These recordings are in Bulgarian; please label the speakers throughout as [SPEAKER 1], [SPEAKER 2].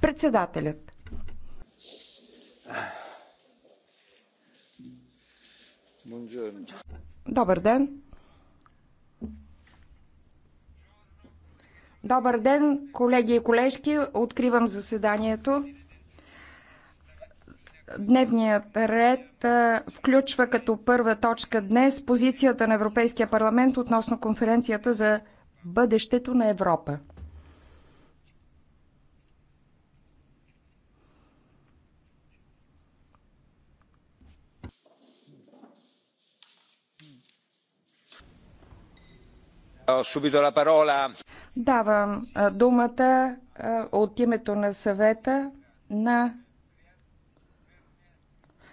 [SPEAKER 1] Председателят. Добър ден. Добър ден, колеги и колежки. Откривам заседанието. Дневният ред включва като първа точка днес позицията на Европейския парламент относно конференцията за бъдещето на Европа. Давам думата от името на съвета на,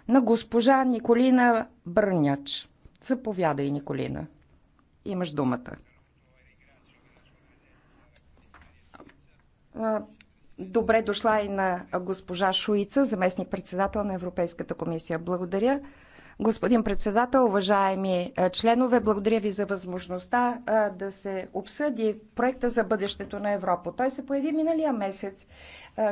[SPEAKER 1] на госпожа Николина Бърняч. Заповядай, Николина. Имаш думата. Добре дошла и на госпожа Шуица, заместник председател на Европейската комисия. Благодаря. Господин председател, уважаеми членове, благодаря ви за възможността да се обсъди проекта за бъдещето на Европа. Той се появи миналия месец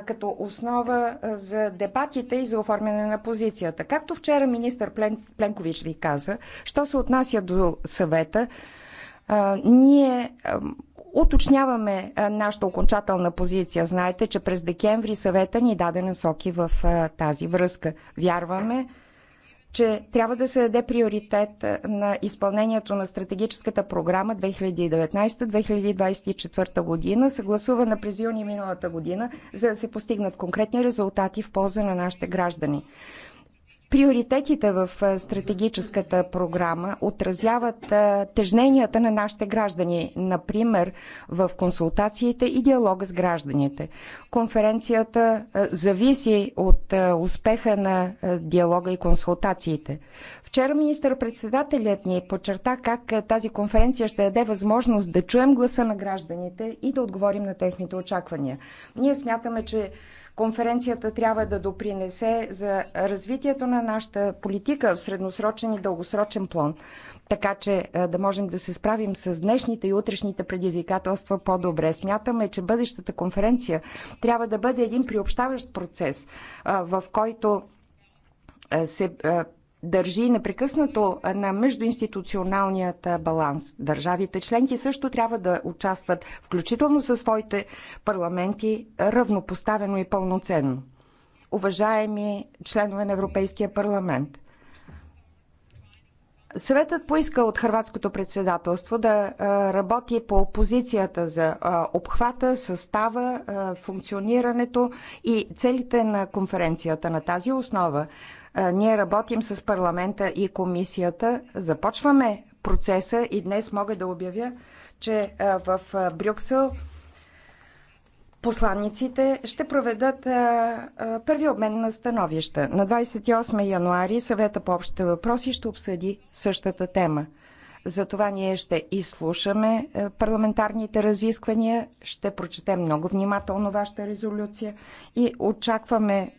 [SPEAKER 1] като основа за дебатите и за оформяне на позицията. Както вчера министър Плен, Пленкович ви каза, що се отнася до съвета, ние уточняваме нашата окончателна позиция. Знаете, че през декември съвета ни даде насоки в тази връзка. Вярваме, че трябва да се даде приоритет е, на изпълнението на стратегическата програма 2019-2024 година, съгласувана през юни миналата година, за да се постигнат конкретни резултати в полза на нашите граждани. Приоритетите в стратегическата програма отразяват тежненията на нашите граждани, например в консултациите и диалога с гражданите. Конференцията зависи от успеха на диалога и консултациите. Вчера министър-председателят ни подчерта как тази конференция ще даде възможност да чуем гласа на гражданите и да отговорим на техните очаквания. Ние смятаме, че Конференцията трябва да допринесе за развитието на нашата политика в средносрочен и дългосрочен план, така че е, да можем да се справим с днешните и утрешните предизвикателства по-добре. Смятаме, че бъдещата конференция трябва да бъде един приобщаващ процес, е, в който е, се държи непрекъснато на междуинституционалният баланс. Държавите членки също трябва да участват, включително със своите парламенти, равнопоставено и пълноценно. Уважаеми членове на Европейския парламент, Съветът поиска от хрватското председателство да работи по позицията за обхвата, състава, функционирането и целите на конференцията на тази основа ние работим с парламента и комисията, започваме процеса и днес мога да обявя, че в Брюксел посланниците ще проведат първи обмен на становища. На 28 януари съвета по общите въпроси ще обсъди същата тема. Затова ние ще изслушаме парламентарните разисквания, ще прочетем много внимателно вашата резолюция и очакваме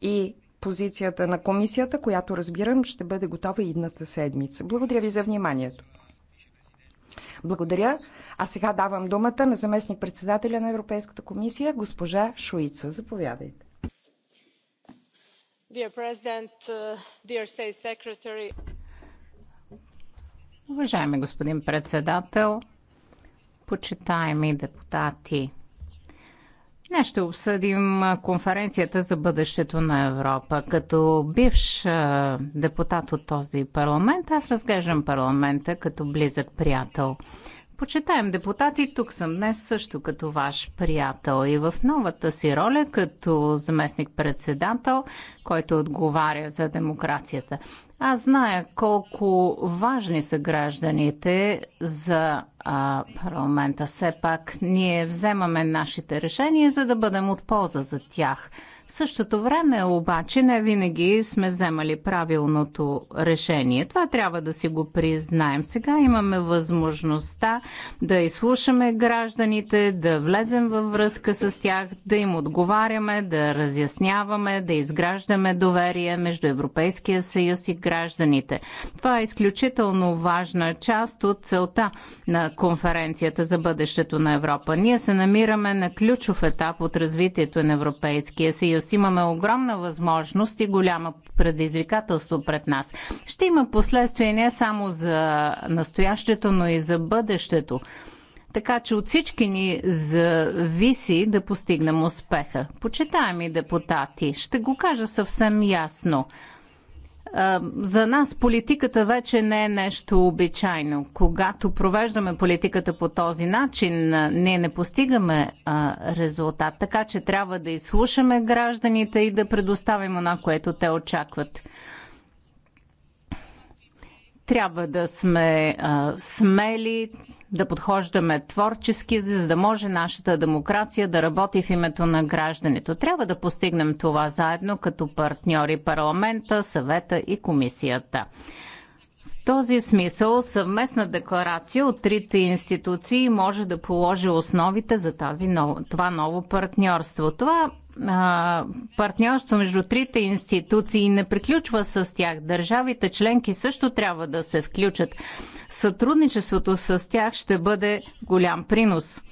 [SPEAKER 1] и позицията на комисията, която разбирам ще бъде готова идната седмица. Благодаря ви за вниманието. Благодаря. А сега давам думата на заместник председателя на Европейската комисия, госпожа Шуица. Заповядайте.
[SPEAKER 2] Uh, Уважаеми господин председател, почитаеми депутати, Днес ще обсъдим конференцията за бъдещето на Европа. Като бивш депутат от този парламент, аз разглеждам парламента като близък приятел. Почитаем депутати, тук съм днес също като ваш приятел и в новата си роля като заместник-председател, който отговаря за демокрацията. Аз зная колко важни са гражданите за а, парламента. Все пак ние вземаме нашите решения, за да бъдем от полза за тях. В същото време обаче не винаги сме вземали правилното решение. Това трябва да си го признаем. Сега имаме възможността да изслушаме гражданите, да влезем във връзка с тях, да им отговаряме, да разясняваме, да изграждаме доверие между Европейския съюз и гражданите. Това е изключително важна част от целта на конференцията за бъдещето на Европа. Ние се намираме на ключов етап от развитието на Европейския съюз. Имаме огромна възможност и голяма предизвикателство пред нас. Ще има последствия не само за настоящето, но и за бъдещето. Така че от всички ни зависи да постигнем успеха. Почитаеми депутати, ще го кажа съвсем ясно. За нас политиката вече не е нещо обичайно. Когато провеждаме политиката по този начин, ние не постигаме резултат. Така че трябва да изслушаме гражданите и да предоставим на което те очакват трябва да сме а, смели, да подхождаме творчески, за да може нашата демокрация да работи в името на гражданите. Трябва да постигнем това заедно като партньори парламента, съвета и комисията В този смисъл съвместна декларация от трите институции може да положи основите за тази ново, това ново партньорство. Това а, партньорство между трите институции не приключва с тях. Държавите членки също трябва да се включат. Сътрудничеството с тях ще бъде голям принос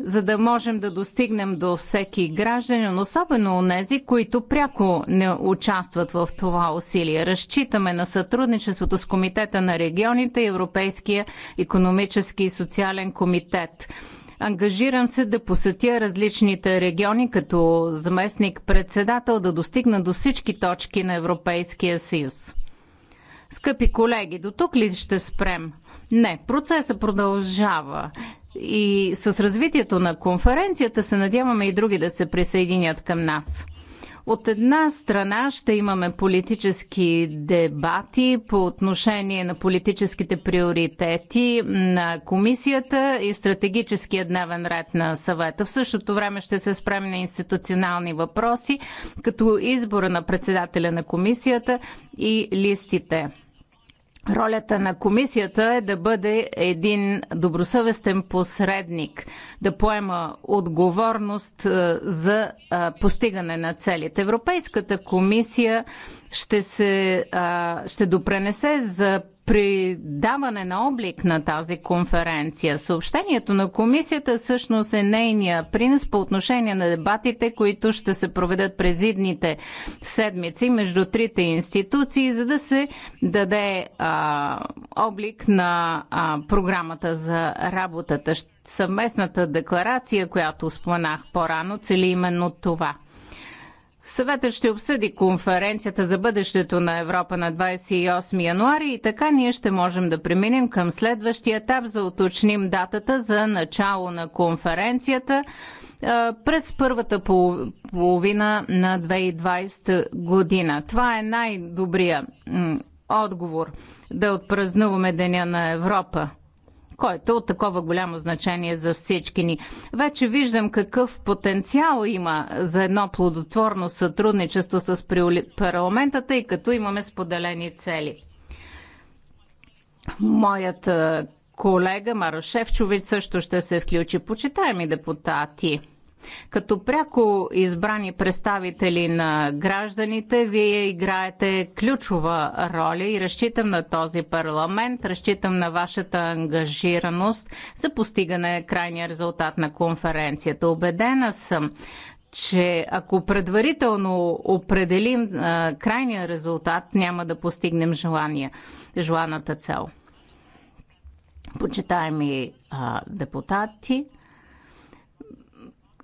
[SPEAKER 2] за да можем да достигнем до всеки гражданин, особено онези, които пряко не участват в това усилие. Разчитаме на сътрудничеството с Комитета на регионите и Европейския економически и социален комитет. Ангажирам се да посетя различните региони като заместник-председател да достигна до всички точки на Европейския съюз. Скъпи колеги, до тук ли ще спрем? Не, процесът продължава. И с развитието на конференцията се надяваме и други да се присъединят към нас. От една страна ще имаме политически дебати по отношение на политическите приоритети на комисията и стратегическия дневен ред на съвета. В същото време ще се спрем на институционални въпроси, като избора на председателя на комисията и листите. Ролята на комисията е да бъде един добросъвестен посредник, да поема отговорност за постигане на целите. Европейската комисия ще, се, а, ще допренесе за придаване на облик на тази конференция. Съобщението на комисията всъщност е нейния принос по отношение на дебатите, които ще се проведат през идните седмици между трите институции, за да се даде а, облик на а, програмата за работата. Съвместната декларация, която споменах по-рано, цели именно това. Съветът ще обсъди конференцията за бъдещето на Европа на 28 януари и така ние ще можем да преминем към следващия етап за уточним датата за начало на конференцията през първата половина на 2020 година. Това е най-добрия отговор да отпразнуваме Деня на Европа който е от такова голямо значение за всички ни. Вече виждам какъв потенциал има за едно плодотворно сътрудничество с парламента, тъй като имаме споделени цели. Моят колега Марошевчович също ще се включи. Почитаеми депутати, като пряко избрани представители на гражданите, вие играете ключова роля и разчитам на този парламент, разчитам на вашата ангажираност за постигане крайния резултат на конференцията. Обедена съм, че ако предварително определим а, крайния резултат, няма да постигнем желания, желаната цел. Почитаеми а, депутати,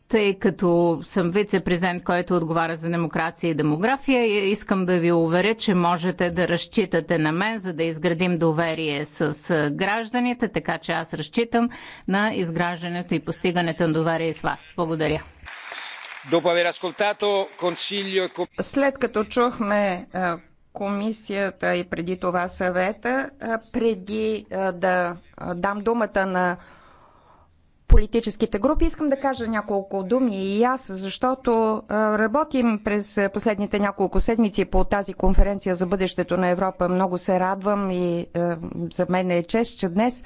[SPEAKER 2] тъй като съм вице-президент, който отговаря за демокрация и демография, искам да ви уверя, че можете да разчитате на мен, за да изградим доверие с гражданите, така че аз разчитам на изграждането и постигането на доверие с вас. Благодаря.
[SPEAKER 3] E
[SPEAKER 1] След като чухме комисията и преди това съвета, преди да дам думата на политическите групи. Искам да кажа няколко думи и аз, защото работим през последните няколко седмици по тази конференция за бъдещето на Европа. Много се радвам и за мен е чест, че днес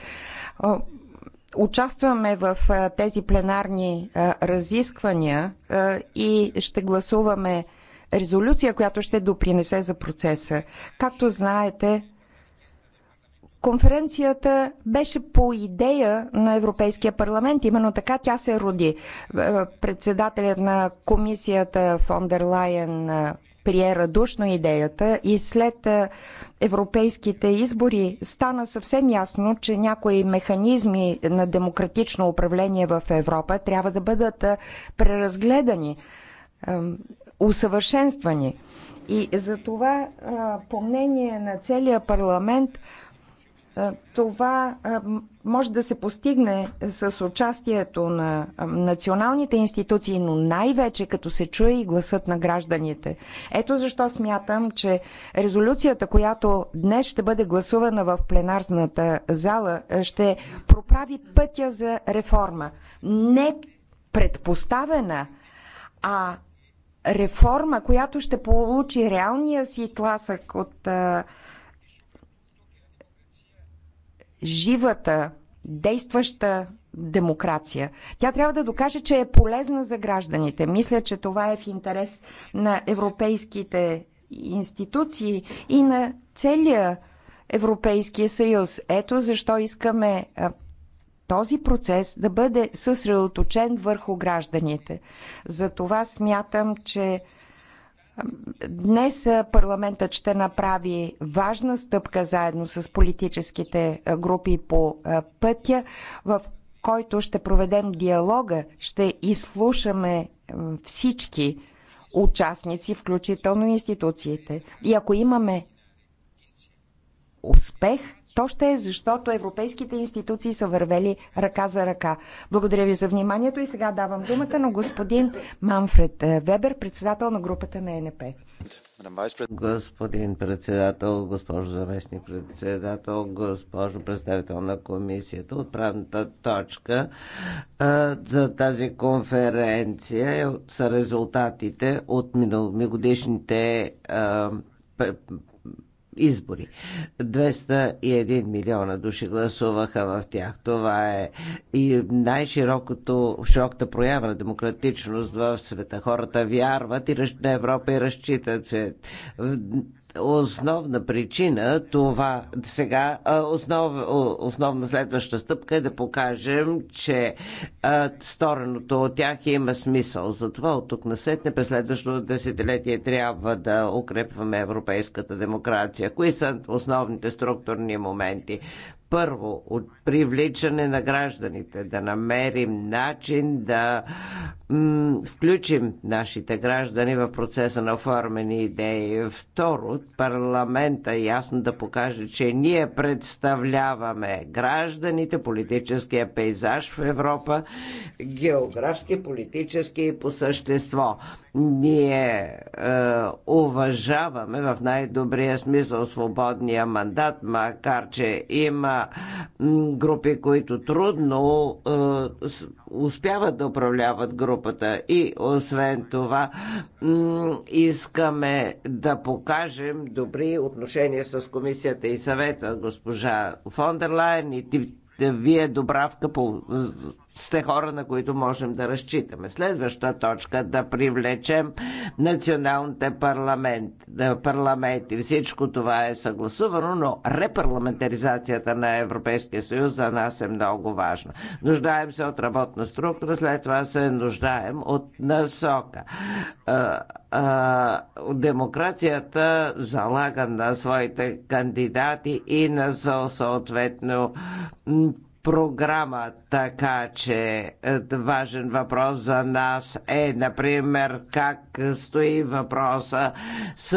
[SPEAKER 1] участваме в тези пленарни разисквания и ще гласуваме резолюция, която ще допринесе за процеса. Както знаете, Конференцията беше по идея на Европейския парламент. Именно така тя се роди. Е, е, председателят на комисията Фондер Лайен е, прие радушно идеята и след европейските избори стана съвсем ясно, че някои механизми на демократично управление в Европа трябва да бъдат преразгледани, усъвършенствани. И за това, по мнение на целия парламент, е, това е, може да се постигне е, с участието на националните институции, но най-вече като се чуе и гласът на гражданите. Ето защо смятам, че резолюцията, която днес ще бъде гласувана в пленарната зала, ще проправи пътя за реформа. Не предпоставена, а реформа, която ще получи реалния си тласък от а, живата, действаща демокрация. Тя трябва да докаже, че е полезна за гражданите. Мисля, че това е в интерес на европейските институции и на целия Европейския съюз. Ето защо искаме този процес да бъде съсредоточен върху гражданите. За това смятам, че Днес парламентът ще направи важна стъпка заедно с политическите групи по пътя, в който ще проведем диалога, ще изслушаме всички участници, включително институциите. И ако имаме успех, то ще е защото европейските институции са вървели ръка за ръка. Благодаря ви за вниманието и сега давам думата на господин Манфред е, Вебер, председател на групата на ЕНП.
[SPEAKER 3] Господин председател, госпожо заместни председател, госпожо представител на комисията, отправната точка а, е, за тази конференция е, са резултатите от миналогодишните избори. 201 милиона души гласуваха в тях. Това е и най-широкото, широката проява на демократичност в света. Хората вярват и на Европа и разчитат основна причина това сега, основ, основна следваща стъпка е да покажем, че стореното от тях има смисъл. Затова от тук на след през следващото десетилетие трябва да укрепваме европейската демокрация. Кои са основните структурни моменти? първо от привличане на гражданите, да намерим начин да включим нашите граждани в процеса на оформени идеи. Второ, парламента ясно да покаже, че ние представляваме гражданите, политическия пейзаж в Европа, географски, политически и по същество. Ние е, уважаваме в най-добрия смисъл свободния мандат, макар че има групи, които трудно е, успяват да управляват групи групата. И освен това, искаме да покажем добри отношения с комисията и съвета, госпожа Фондерлайн и вие добравка по сте хора, на които можем да разчитаме. Следваща точка да привлечем националните парламент, да, парламенти. Всичко това е съгласувано, но репарламентаризацията на Европейския съюз за нас е много важна. Нуждаем се от работна структура, след това се нуждаем от насока. А, демокрацията залага на своите кандидати и на съответно програма, така че е, важен въпрос за нас е, например, как стои въпроса с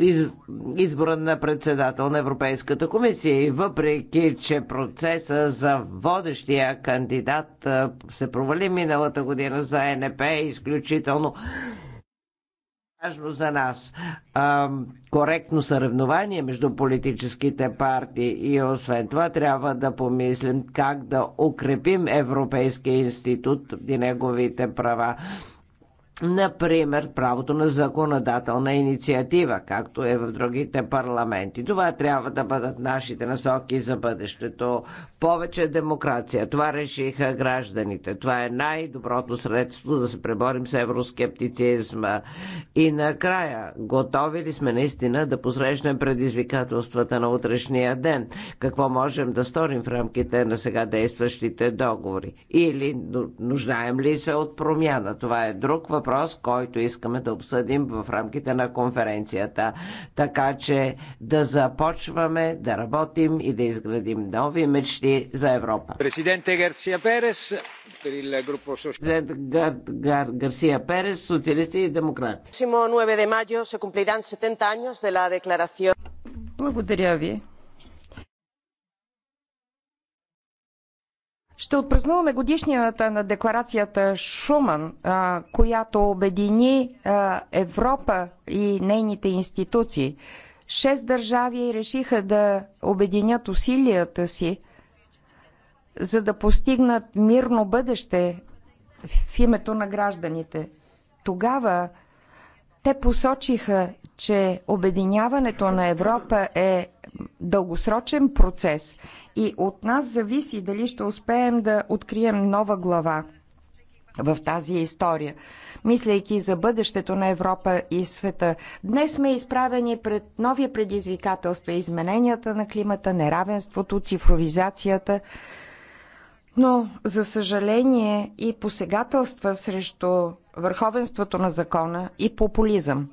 [SPEAKER 3] е, избора на председател на Европейската комисия и въпреки, че процеса за водещия кандидат е, се провали миналата година за НП е изключително важно за нас а, коректно съревнование между политическите партии и освен това трябва да помислим как да укрепим Европейския институт и неговите права. Например, правото на законодателна инициатива, както е в другите парламенти. Това трябва да бъдат нашите насоки за бъдещето. Повече демокрация. Това решиха гражданите. Това е най-доброто средство да се преборим с евроскептицизма. И накрая, готови ли сме наистина да посрещнем предизвикателствата на утрешния ден? Какво можем да сторим в рамките на сега действащите договори? Или нуждаем ли се от промяна? Това е друг въпрос въпрос, който искаме да обсъдим в рамките на конференцията. Така че да започваме да работим и да изградим нови мечти за Европа. Президенте Гарсия Перес, Президент Гар, Гар, Гарсия Перес, социалисти
[SPEAKER 1] и демократи. Благодаря ви. Ще отпразнуваме годишнината на декларацията Шуман, която обедини Европа и нейните институции. Шест държави решиха да обединят усилията си, за да постигнат мирно бъдеще в името на гражданите. Тогава те посочиха, че обединяването на Европа е дългосрочен процес и от нас зависи дали ще успеем да открием нова глава в тази история. Мислейки за бъдещето на Европа и света, днес сме изправени пред нови предизвикателства, измененията на климата, неравенството, цифровизацията, но, за съжаление, и посегателства срещу върховенството на закона и популизъм.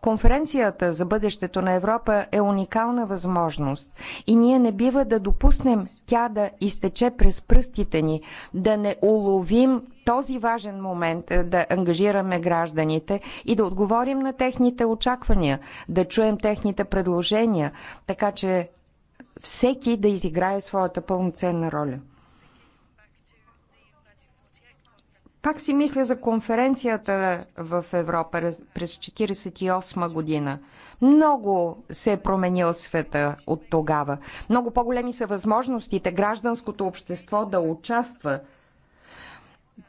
[SPEAKER 1] Конференцията за бъдещето на Европа е уникална възможност и ние не бива да допуснем тя да изтече през пръстите ни, да не уловим този важен момент, е, да ангажираме гражданите и да отговорим на техните очаквания, да чуем техните предложения, така че всеки да изиграе своята пълноценна роля. Пак си мисля за конференцията в Европа през 1948 година. Много се е променил света от тогава. Много по-големи са възможностите гражданското общество да участва.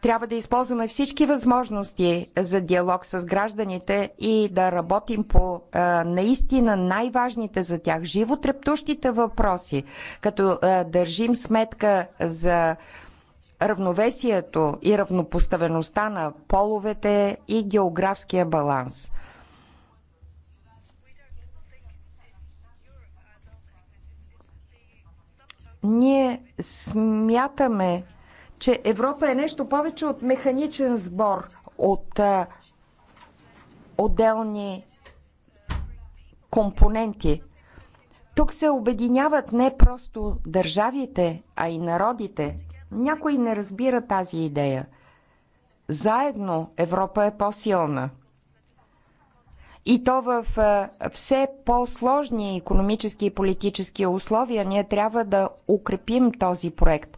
[SPEAKER 1] Трябва да използваме всички възможности за диалог с гражданите и да работим по а, наистина най-важните за тях, животрептущите въпроси, като а, държим сметка за равновесието и равнопоставеността на половете и географския баланс. Ние смятаме, че Европа е нещо повече от механичен сбор от а, отделни компоненти. Тук се обединяват не просто държавите, а и народите. Някой не разбира тази идея. Заедно Европа е по-силна. И то в все по-сложни економически и политически условия ние трябва да укрепим този проект.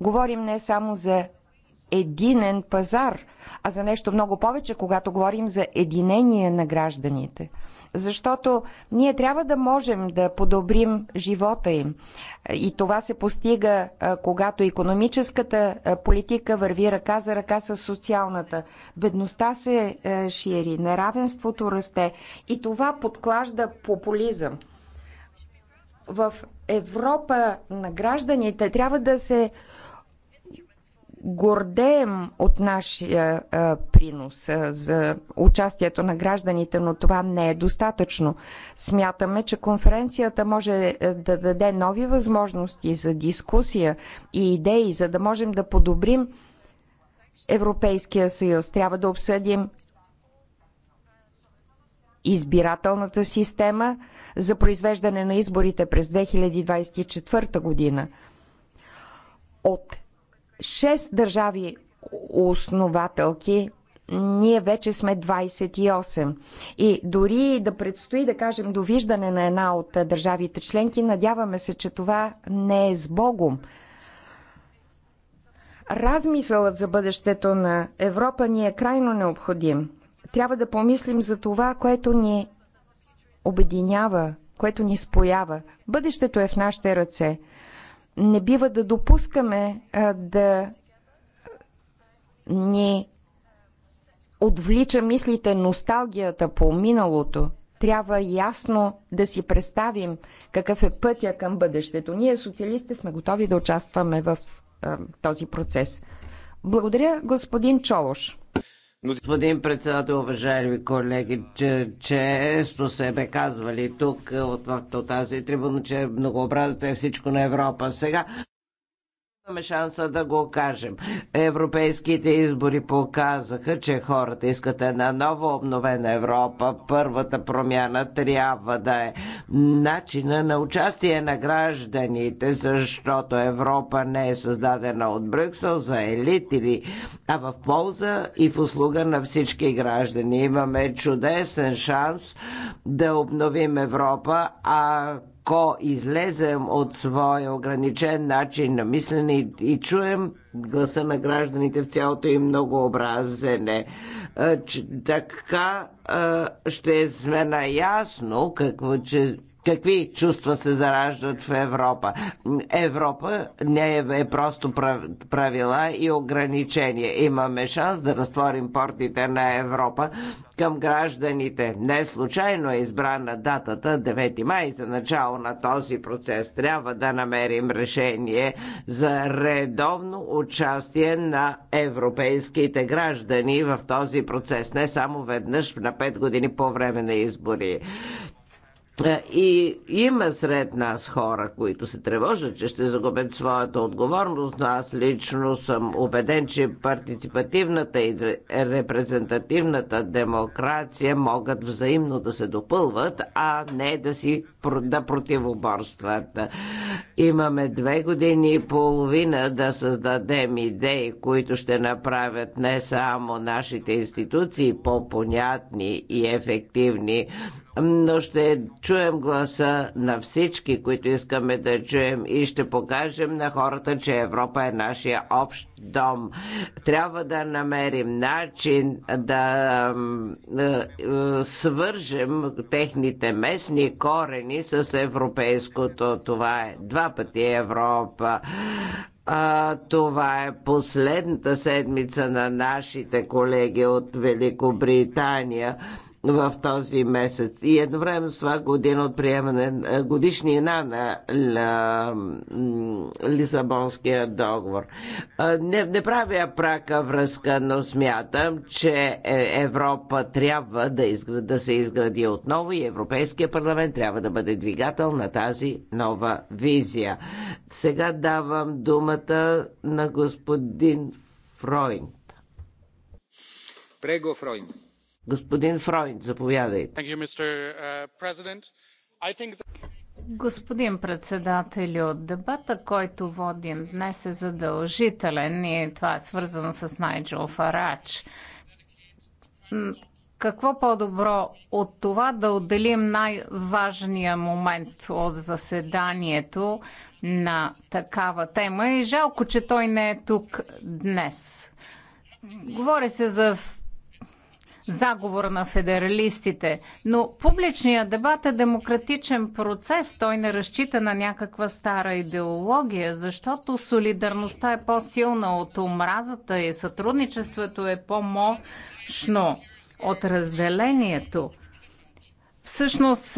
[SPEAKER 1] Говорим не само за единен пазар, а за нещо много повече, когато говорим за единение на гражданите – защото ние трябва да можем да подобрим живота им. И това се постига, когато економическата политика върви ръка за ръка с социалната. Бедността се шири, неравенството расте и това подклажда популизъм. В Европа на гражданите трябва да се гордеем от нашия а, принос а, за участието на гражданите, но това не е достатъчно. Смятаме, че конференцията може да даде нови възможности за дискусия и идеи, за да можем да подобрим Европейския съюз. Трябва да обсъдим избирателната система за произвеждане на изборите през 2024 година. От Шест държави основателки, ние вече сме 28. И дори да предстои да кажем довиждане на една от държавите членки, надяваме се, че това не е с Богом. Размисълът за бъдещето на Европа ни е крайно необходим. Трябва да помислим за това, което ни обединява, което ни споява. Бъдещето е в нашите ръце – не бива да допускаме а, да ни отвлича мислите носталгията по миналото. Трябва ясно да си представим какъв е пътя към бъдещето. Ние, социалистите, сме готови да участваме в а, този процес. Благодаря, господин Чолош.
[SPEAKER 3] Господин председател, уважаеми колеги, че, често се бе казвали тук от, от тази трибуна, че многообразието е всичко на Европа. Сега Имаме шанса да го кажем. Европейските избори показаха, че хората искат една нова обновена Европа. Първата промяна трябва да е начина на участие на гражданите, защото Европа не е създадена от Брюксел за елит или, а в полза и в услуга на всички граждани. Имаме чудесен шанс да обновим Европа, а Ко излезем от своя ограничен начин на мислене и, и чуем гласа на гражданите в цялото им многообразене, е, така е, ще сме наясно какво, че Какви чувства се зараждат в Европа? Европа не е, е просто правила и ограничения. Имаме шанс да разтворим портите на Европа към гражданите. Не случайно е избрана датата 9 май за начало на този процес. Трябва да намерим решение за редовно участие на европейските граждани в този процес. Не само веднъж на 5 години по време на избори. И има сред нас хора, които се тревожат, че ще загубят своята отговорност, но аз лично съм убеден, че партиципативната и репрезентативната демокрация могат взаимно да се допълват, а не да си да противоборстват. Имаме две години и половина да създадем идеи, които ще направят не само нашите институции по-понятни и ефективни, но ще чуем гласа на всички, които искаме да чуем и ще покажем на хората, че Европа е нашия общ дом. Трябва да намерим начин да е, е, свържем техните местни корени с европейското. Това е два пъти Европа. А, това е последната седмица на нашите колеги от Великобритания в този месец. И едновременно с това година от приемане е, годишнина на Лисабонския договор. Е, не, не правя прака връзка, но смятам, че е, Европа трябва да, изгради, да се изгради отново и Европейския парламент трябва да бъде двигател на тази нова визия. Сега давам думата на господин Фройнт.
[SPEAKER 2] Прего Фройнт.
[SPEAKER 3] Господин Фройнд, заповядайте.
[SPEAKER 2] Uh, Господин председателю, дебата, който водим днес е задължителен и това е свързано с Найджел Фарач. Какво по-добро от това да отделим най-важния момент от заседанието на такава тема и жалко, че той не е тук днес. Говори се за заговор на федералистите. Но публичният дебат е демократичен процес. Той не разчита на някаква стара идеология, защото солидарността е по-силна от омразата и сътрудничеството е по-мощно от разделението. Всъщност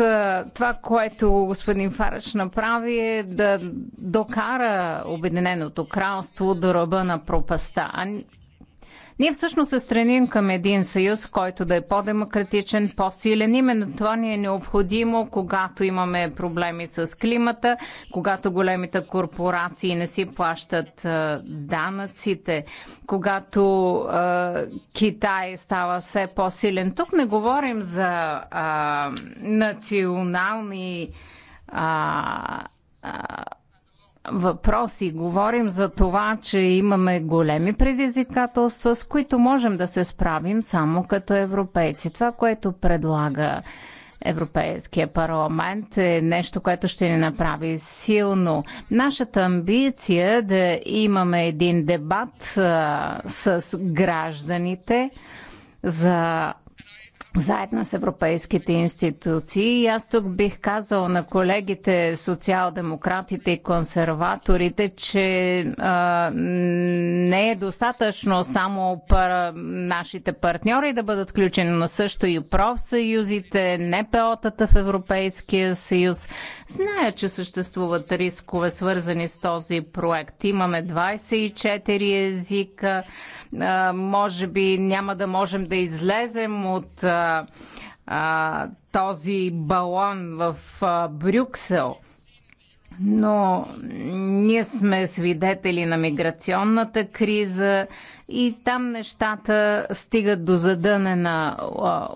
[SPEAKER 2] това, което господин Фарач направи е да докара Обединеното кралство до ръба на пропаста. А ние всъщност се стремим към един съюз, който да е по-демократичен, по-силен. Именно това ни е необходимо, когато имаме проблеми с климата, когато големите корпорации не си плащат данъците, когато Китай става все по-силен. Тук не говорим за национални а, а, въпроси. Говорим за това, че имаме големи предизвикателства, с които можем да се справим само като европейци. Това, което предлага Европейския парламент е нещо, което ще ни направи силно. Нашата амбиция е да имаме един дебат а, с гражданите за заедно с европейските институции. И аз тук бих казал на колегите социал-демократите и консерваторите, че а, не е достатъчно само пар, нашите партньори да бъдат включени, но също и профсъюзите, НПО-тата в Европейския съюз. Зная, че съществуват рискове свързани с този проект. Имаме 24 езика. А, може би няма да можем да излезем от а, а, този балон в а, Брюксел. Но ние сме свидетели на миграционната криза, и там нещата стигат до задънена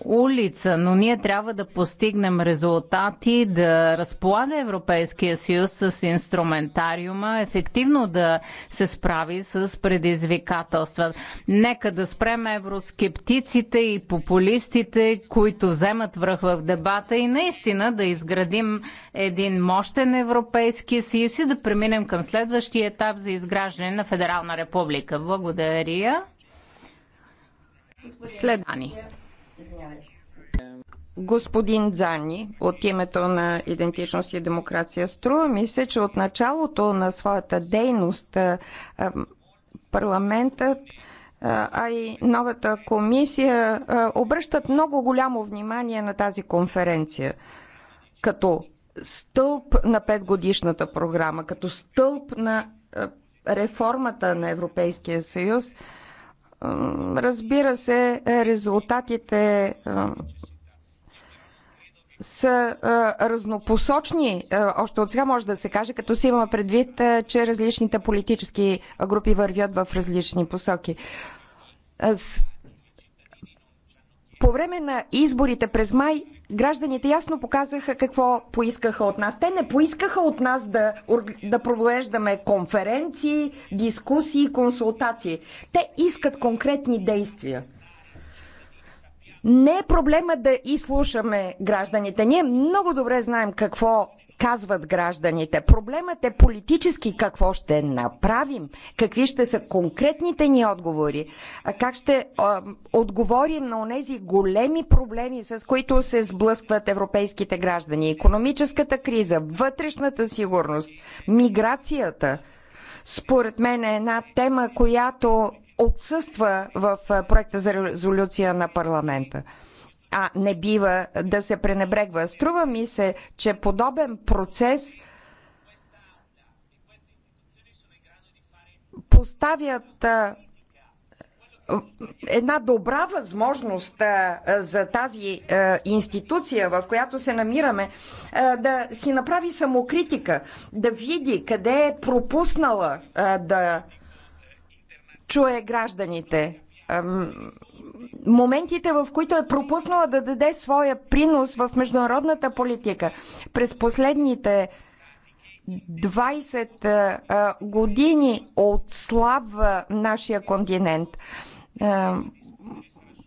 [SPEAKER 2] улица, но ние трябва да постигнем резултати, да разполага Европейския съюз с инструментариума, ефективно да се справи с предизвикателства. Нека да спрем евроскептиците и популистите, които вземат връх в дебата и наистина да изградим един мощен Европейски съюз и да преминем към следващия етап за изграждане на Федерална
[SPEAKER 1] република. Благодаря Мария. След Господин Дзани, от името на Идентичност и демокрация струва мисля, че от началото на своята дейност парламентът а и новата комисия обръщат много голямо внимание на тази конференция като стълб на петгодишната програма, като стълб на реформата на Европейския съюз. Разбира се, резултатите са разнопосочни. Още от сега може да се каже, като си има предвид, че различните политически групи вървят в различни посоки. По време на изборите през май гражданите ясно показаха какво поискаха от нас. Те не поискаха от нас да, да провеждаме конференции, дискусии, консултации. Те искат конкретни действия. Не е проблема да изслушаме гражданите. Ние много добре знаем какво казват гражданите. Проблемът е политически. Какво ще направим? Какви ще са конкретните ни отговори? Как ще отговорим на онези големи проблеми, с които се сблъскват европейските граждани? Економическата криза, вътрешната сигурност, миграцията. Според мен е една тема, която отсъства в проекта за резолюция на парламента а не бива да се пренебрегва. Струва ми се, че подобен процес поставят една добра възможност за тази институция, в която се намираме, да си направи самокритика, да види къде е пропуснала да чуе гражданите моментите, в които е пропуснала да даде своя принос в международната политика. През последните 20 години отслабва нашия континент.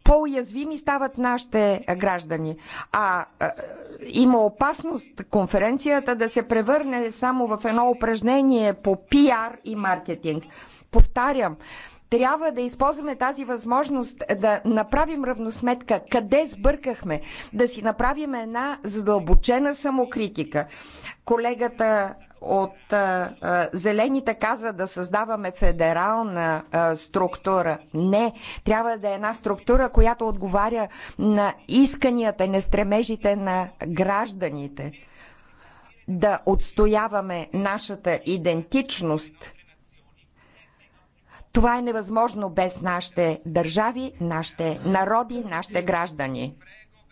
[SPEAKER 1] По-уязвими стават нашите граждани. А има опасност конференцията да се превърне само в едно упражнение по пиар и маркетинг. Повтарям, трябва да използваме тази възможност да направим равносметка къде сбъркахме, да си направим една задълбочена самокритика. Колегата от а, а, зелените каза да създаваме федерална а, структура. Не, трябва да е една структура, която отговаря на исканията, на стремежите на гражданите. Да отстояваме нашата идентичност – това е невъзможно без нашите държави, нашите народи, нашите граждани.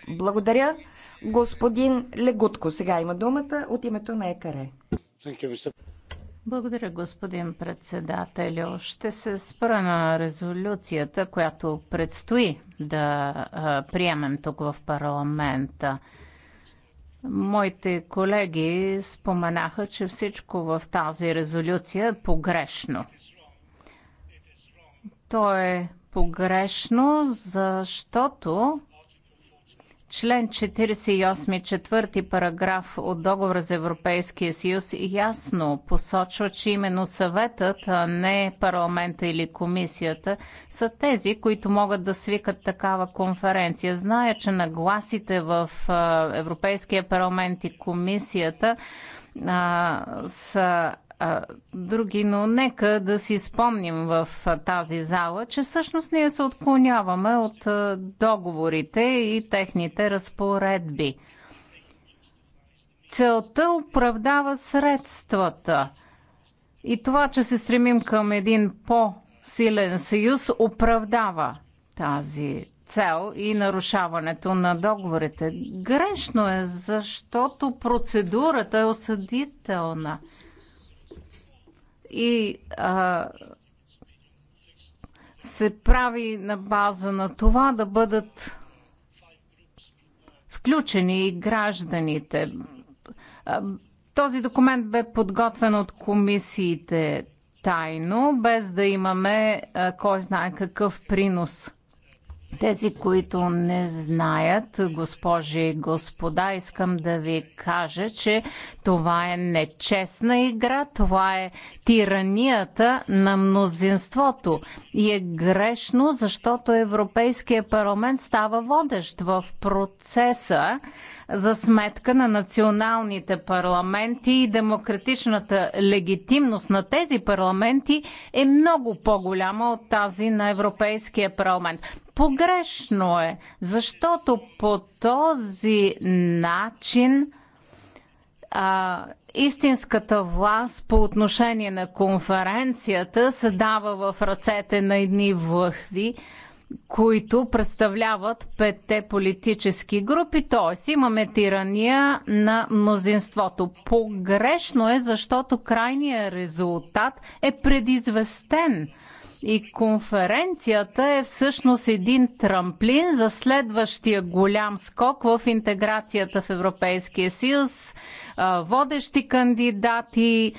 [SPEAKER 1] Благодаря. Господин Легутко сега има думата от името на ЕКАРЕ. Благодаря,
[SPEAKER 2] господин председателю. Ще се спра на резолюцията, която предстои да приемем тук в парламента. Моите колеги споменаха, че всичко в тази резолюция е погрешно то е погрешно, защото член 48, четвърти параграф от договора за Европейския съюз ясно посочва, че именно съветът, а не парламента или комисията, са тези, които могат да свикат такава конференция. Зная, че нагласите в Европейския парламент и комисията а, са други, но нека да си спомним в тази зала, че всъщност ние се отклоняваме от договорите и техните разпоредби. Целта оправдава средствата. И това, че се стремим към един по-силен съюз, оправдава тази цел и нарушаването на договорите. Грешно е, защото процедурата е осъдителна и а, се прави на база на това да бъдат включени и гражданите. Този документ бе подготвен от комисиите тайно, без да имаме кой знае какъв принос. Тези, които не знаят, госпожи и господа, искам да ви кажа, че това е нечестна игра, това е тиранията на мнозинството и е грешно, защото Европейския парламент става водещ в процеса за сметка на националните парламенти и демократичната легитимност на тези парламенти е много по-голяма от тази на Европейския парламент. Погрешно е, защото по този начин а, истинската власт по отношение на конференцията се дава в ръцете на едни влъхви, които представляват петте политически групи, т.е. имаме тирания на мнозинството. Погрешно е, защото крайният резултат е предизвестен – и конференцията е всъщност един трамплин за следващия голям скок в интеграцията в Европейския съюз, водещи кандидати,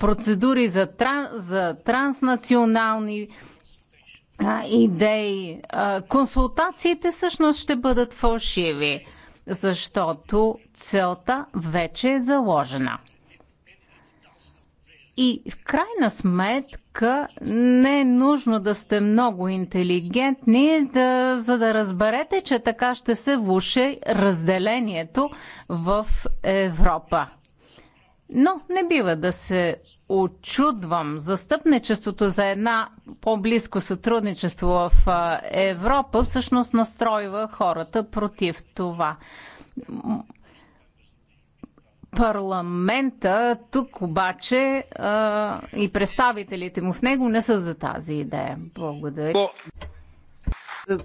[SPEAKER 2] процедури за, тран, за транснационални идеи. Консултациите всъщност ще бъдат фалшиви, защото целта вече е заложена. И в крайна сметка не е нужно да сте много интелигентни, да, за да разберете, че така ще се влуши разделението в Европа. Но не бива да се очудвам. Застъпничеството за една по-близко сътрудничество в Европа всъщност настройва хората против това Парламента тук обаче а, и представителите му в него не са за тази идея. Благодаря.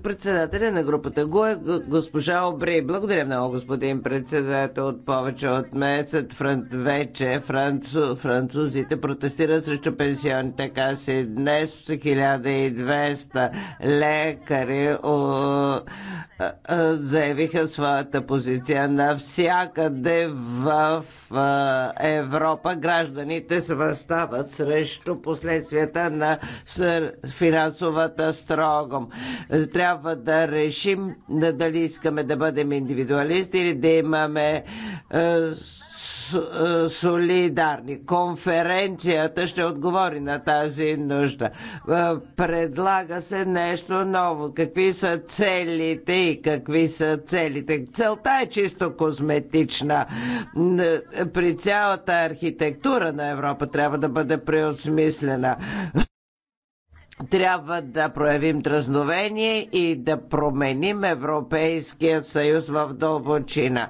[SPEAKER 3] Председателя на групата го е госпожа Обри. Благодаря много, господин председател. От повече от месец франт, вече францу, французите протестират срещу пенсионните каси. Днес 1200 лекари о, заявиха своята позиция навсякъде в Европа. Гражданите се възстават срещу последствията на финансовата строгом трябва да решим да, дали искаме да бъдем индивидуалисти или да имаме е, е солидарни. Конференцията ще отговори на тази нужда. Е, предлага се нещо ново. Какви са целите и какви са целите? Целта е чисто козметична. Е, при цялата архитектура на Европа трябва да бъде преосмислена трябва да проявим дразновение и да променим Европейския съюз в дълбочина.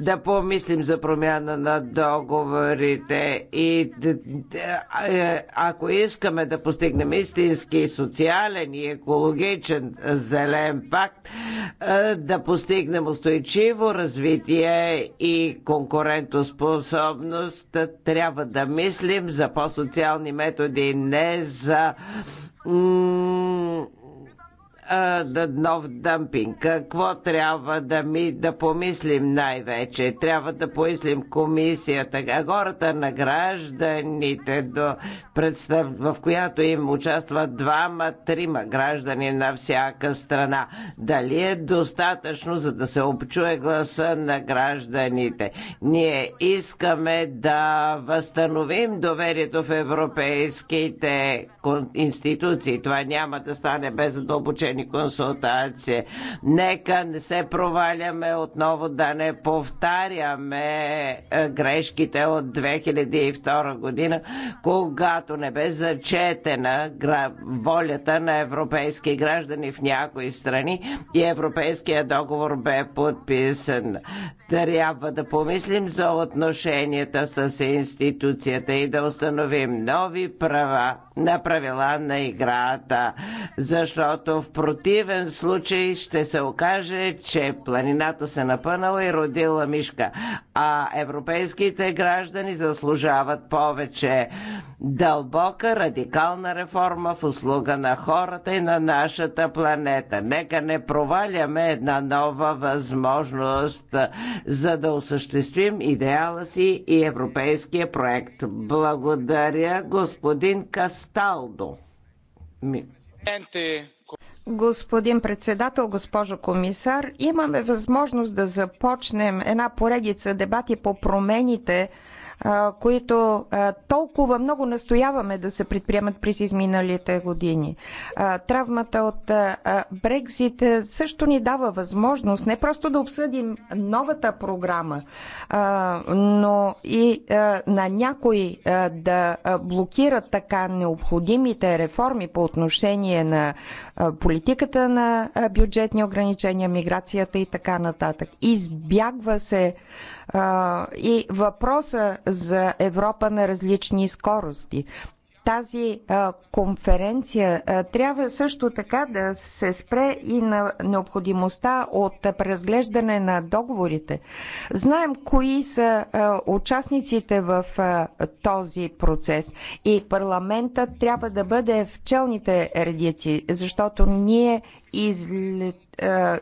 [SPEAKER 3] Да помислим за промяна на договорите и е, ако искаме да постигнем истински социален и екологичен зелен пакт, е, да постигнем устойчиво развитие и конкурентоспособност, трябва да мислим за по-социални методи, не за а, да нов дъмпинг. Какво трябва да ми да помислим най-вече? Трябва да помислим комисията, гората на гражданите, до представ... в която им участват двама-трима граждани на всяка страна. Дали е достатъчно, за да се обчуе гласа на гражданите? Ние искаме да възстановим доверието в европейските институции. Това няма да стане без задълбочени консултации консултация. Нека не се проваляме отново, да не повтаряме е, грешките от 2002 година, когато не бе зачетена волята на европейски граждани в някои страни и Европейския договор бе подписан. Трябва да помислим за отношенията с институцията и да установим нови права на правила на играта, защото в против противен случай ще се окаже, че планината се напънала и родила мишка. А европейските граждани заслужават повече дълбока, радикална реформа в услуга на хората и на нашата планета. Нека не проваляме една нова възможност, за да осъществим идеала си и европейския проект. Благодаря, господин Касталдо.
[SPEAKER 1] Господин председател, госпожо комисар, имаме възможност да започнем една поредица дебати по промените които толкова много настояваме да се предприемат през изминалите години. Травмата от Брекзит също ни дава възможност не просто да обсъдим новата програма, но и на някои да блокират така необходимите реформи по отношение на политиката на бюджетни ограничения, миграцията и така нататък. Избягва се и въпроса за Европа на различни скорости. Тази конференция трябва също така да се спре и на необходимостта от преразглеждане на договорите. Знаем кои са участниците в този процес и парламентът трябва да бъде в челните редици, защото ние а,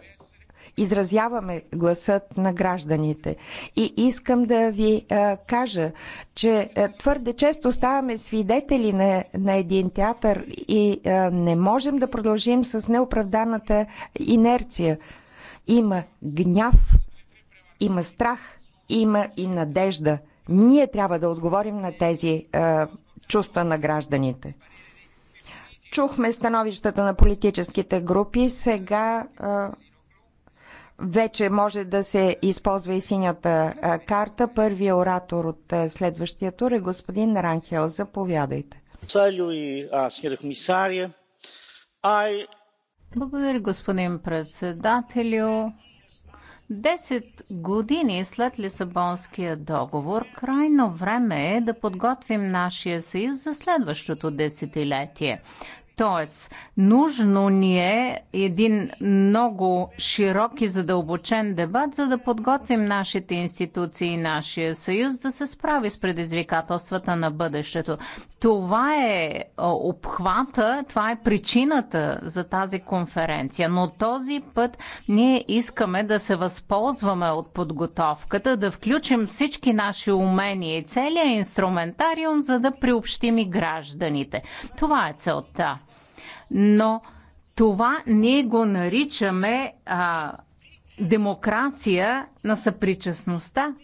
[SPEAKER 1] изразяваме гласът на гражданите. И искам да ви а, кажа, че а, твърде често ставаме свидетели на, на един театър и а, не можем да продължим с неоправданата инерция. Има гняв, има страх, има и надежда. Ние трябва да отговорим на тези а, чувства на гражданите. Чухме становищата на политическите групи, сега. А, вече може да се използва и синята карта. Първият оратор от следващия тур е господин Ранхел. Заповядайте.
[SPEAKER 2] Благодаря, господин председателю. Десет години след Лисабонския договор, крайно време е да подготвим нашия съюз за следващото десетилетие. Тоест, нужно ни е един много широк и задълбочен дебат, за да подготвим нашите институции и нашия съюз да се справи с предизвикателствата на бъдещето. Това е обхвата, това е причината за тази конференция. Но този път ние искаме да се възползваме от подготовката, да включим всички наши умения и целият инструментариум, за да приобщим и гражданите. Това е целта. Но това ние го наричаме а, демокрация на съпричастността.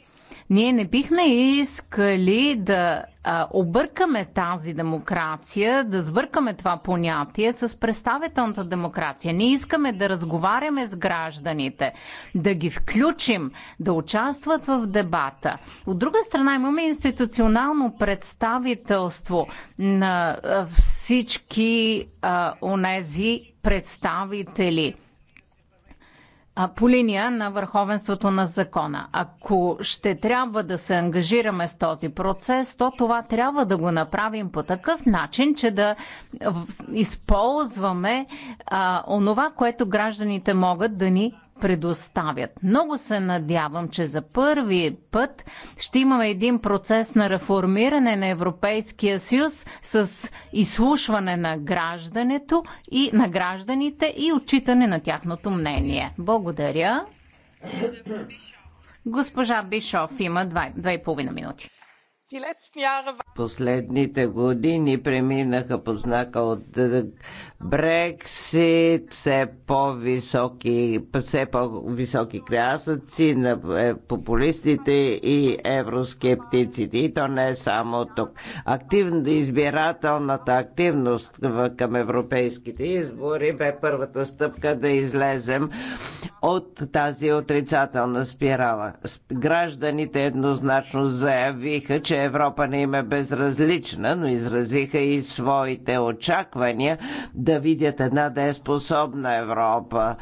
[SPEAKER 2] Ние не бихме искали да а, объркаме тази демокрация, да сбъркаме това понятие с представителната демокрация. Ние искаме да разговаряме с гражданите, да ги включим, да участват в дебата. От друга страна имаме институционално представителство на всички а, онези представители – по линия на върховенството на закона. Ако ще трябва да се ангажираме с този процес, то това трябва да го направим по такъв начин, че да използваме а, онова, което гражданите могат да ни предоставят. Много се надявам, че за първи път ще имаме един процес на реформиране на Европейския съюз с изслушване на граждането и на гражданите и отчитане на тяхното мнение. Благодаря. Госпожа Бишов има 2,5 минути.
[SPEAKER 3] Последните години преминаха по знака от Брексит, все по-високи, все по-високи крясъци на е, популистите и евроскептиците. И то не е само тук. Активна избирателната активност към европейските избори бе първата стъпка да излезем от тази отрицателна спирала. Гражданите еднозначно заявиха, че Европа не им е безразлична, но изразиха и своите очаквания да видят една дееспособна Европа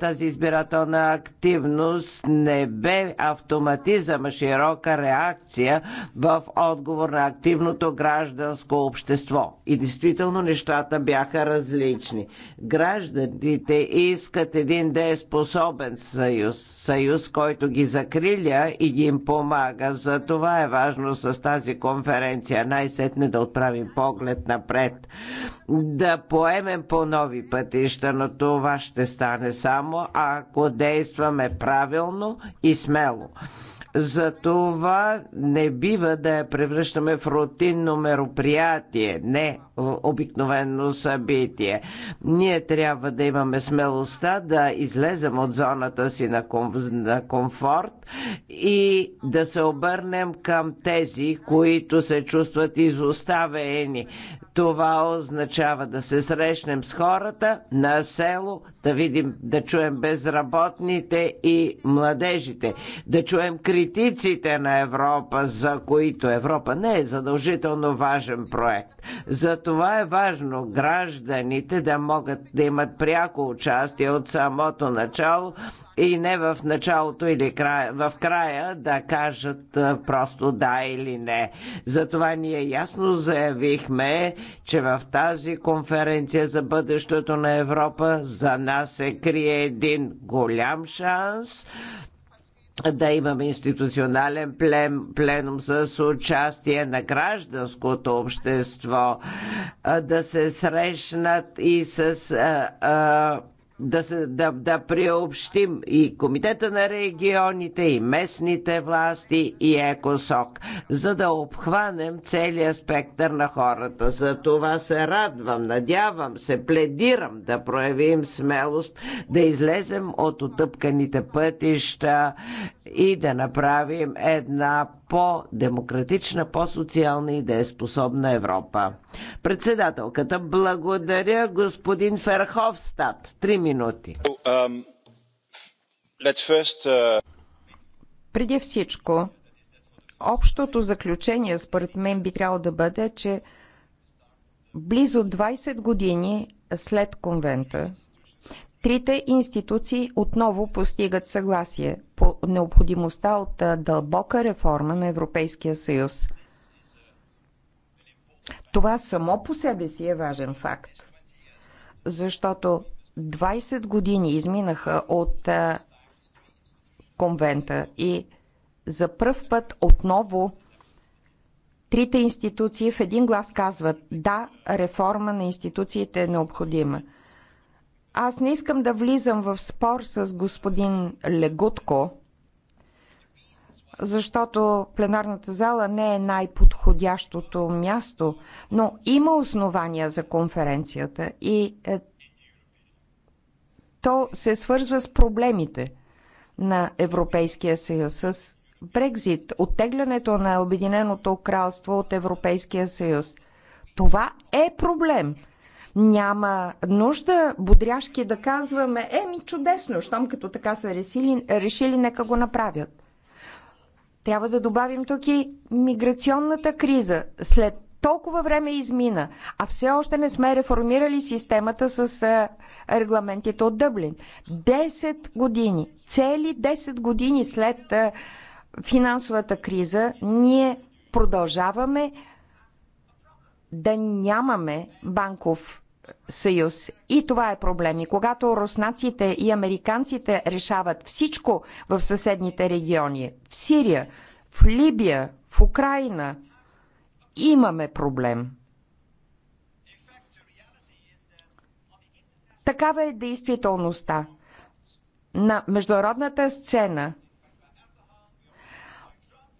[SPEAKER 3] тази избирателна активност не бе автоматизъм, широка реакция в отговор на активното гражданско общество. И действително нещата бяха различни. Гражданите искат един дееспособен съюз, съюз, който ги закриля и ги им помага. За това е важно с тази конференция най-сетне да отправим поглед напред, да поемем по нови пътища, но това ще стане само ако действаме правилно и смело. Затова не бива да я превръщаме в рутинно мероприятие, не в обикновено събитие. Ние трябва да имаме смелостта да излезем от зоната си на, ком... на комфорт и да се обърнем към тези, които се чувстват изоставени. Това означава да се срещнем с хората на село, да видим, да чуем безработните и младежите, да чуем критиците на Европа, за които Европа не е задължително важен проект. Затова е важно гражданите да могат да имат пряко участие от самото начало и не в началото или края, в края да кажат просто да или не. Затова ние ясно заявихме, че в тази конференция за бъдещето на Европа за нас се крие един голям шанс да имаме институционален плен, пленум с участие на гражданското общество, да се срещнат и с а, а, да, се, да, да приобщим и Комитета на регионите, и местните власти, и ЕКОСОК, за да обхванем целия спектър на хората. За това се радвам, надявам се, пледирам да проявим смелост, да излезем от отъпканите пътища и да направим една по-демократична, по-социална и способна Европа. Председателката, благодаря господин Ферховстат. Три Um, uh,
[SPEAKER 1] Преди всичко, общото заключение според мен би трябвало да бъде, че близо 20 години след конвента, трите институции отново постигат съгласие по необходимостта от дълбока реформа на Европейския съюз. Това само по себе си е важен факт, защото 20 години изминаха от а, конвента и за пръв път отново трите институции в един глас казват да, реформа на институциите е необходима. Аз не искам да влизам в спор с господин Легутко, защото пленарната зала не е най-подходящото място, но има основания за конференцията и е, то се свързва с проблемите на Европейския съюз, с Брекзит, оттеглянето на Обединеното кралство от Европейския съюз. Това е проблем. Няма нужда бодряшки да казваме, еми чудесно, щом като така са решили, решили, нека го направят. Трябва да добавим тук и миграционната криза. След толкова време измина, а все още не сме реформирали системата с регламентите от Дъблин. 10 години, цели 10 години след финансовата криза, ние продължаваме да нямаме банков съюз. И това е проблем. И когато руснаците и американците решават всичко в съседните региони, в Сирия, в Либия, в Украина, имаме проблем. Такава е действителността. На международната сцена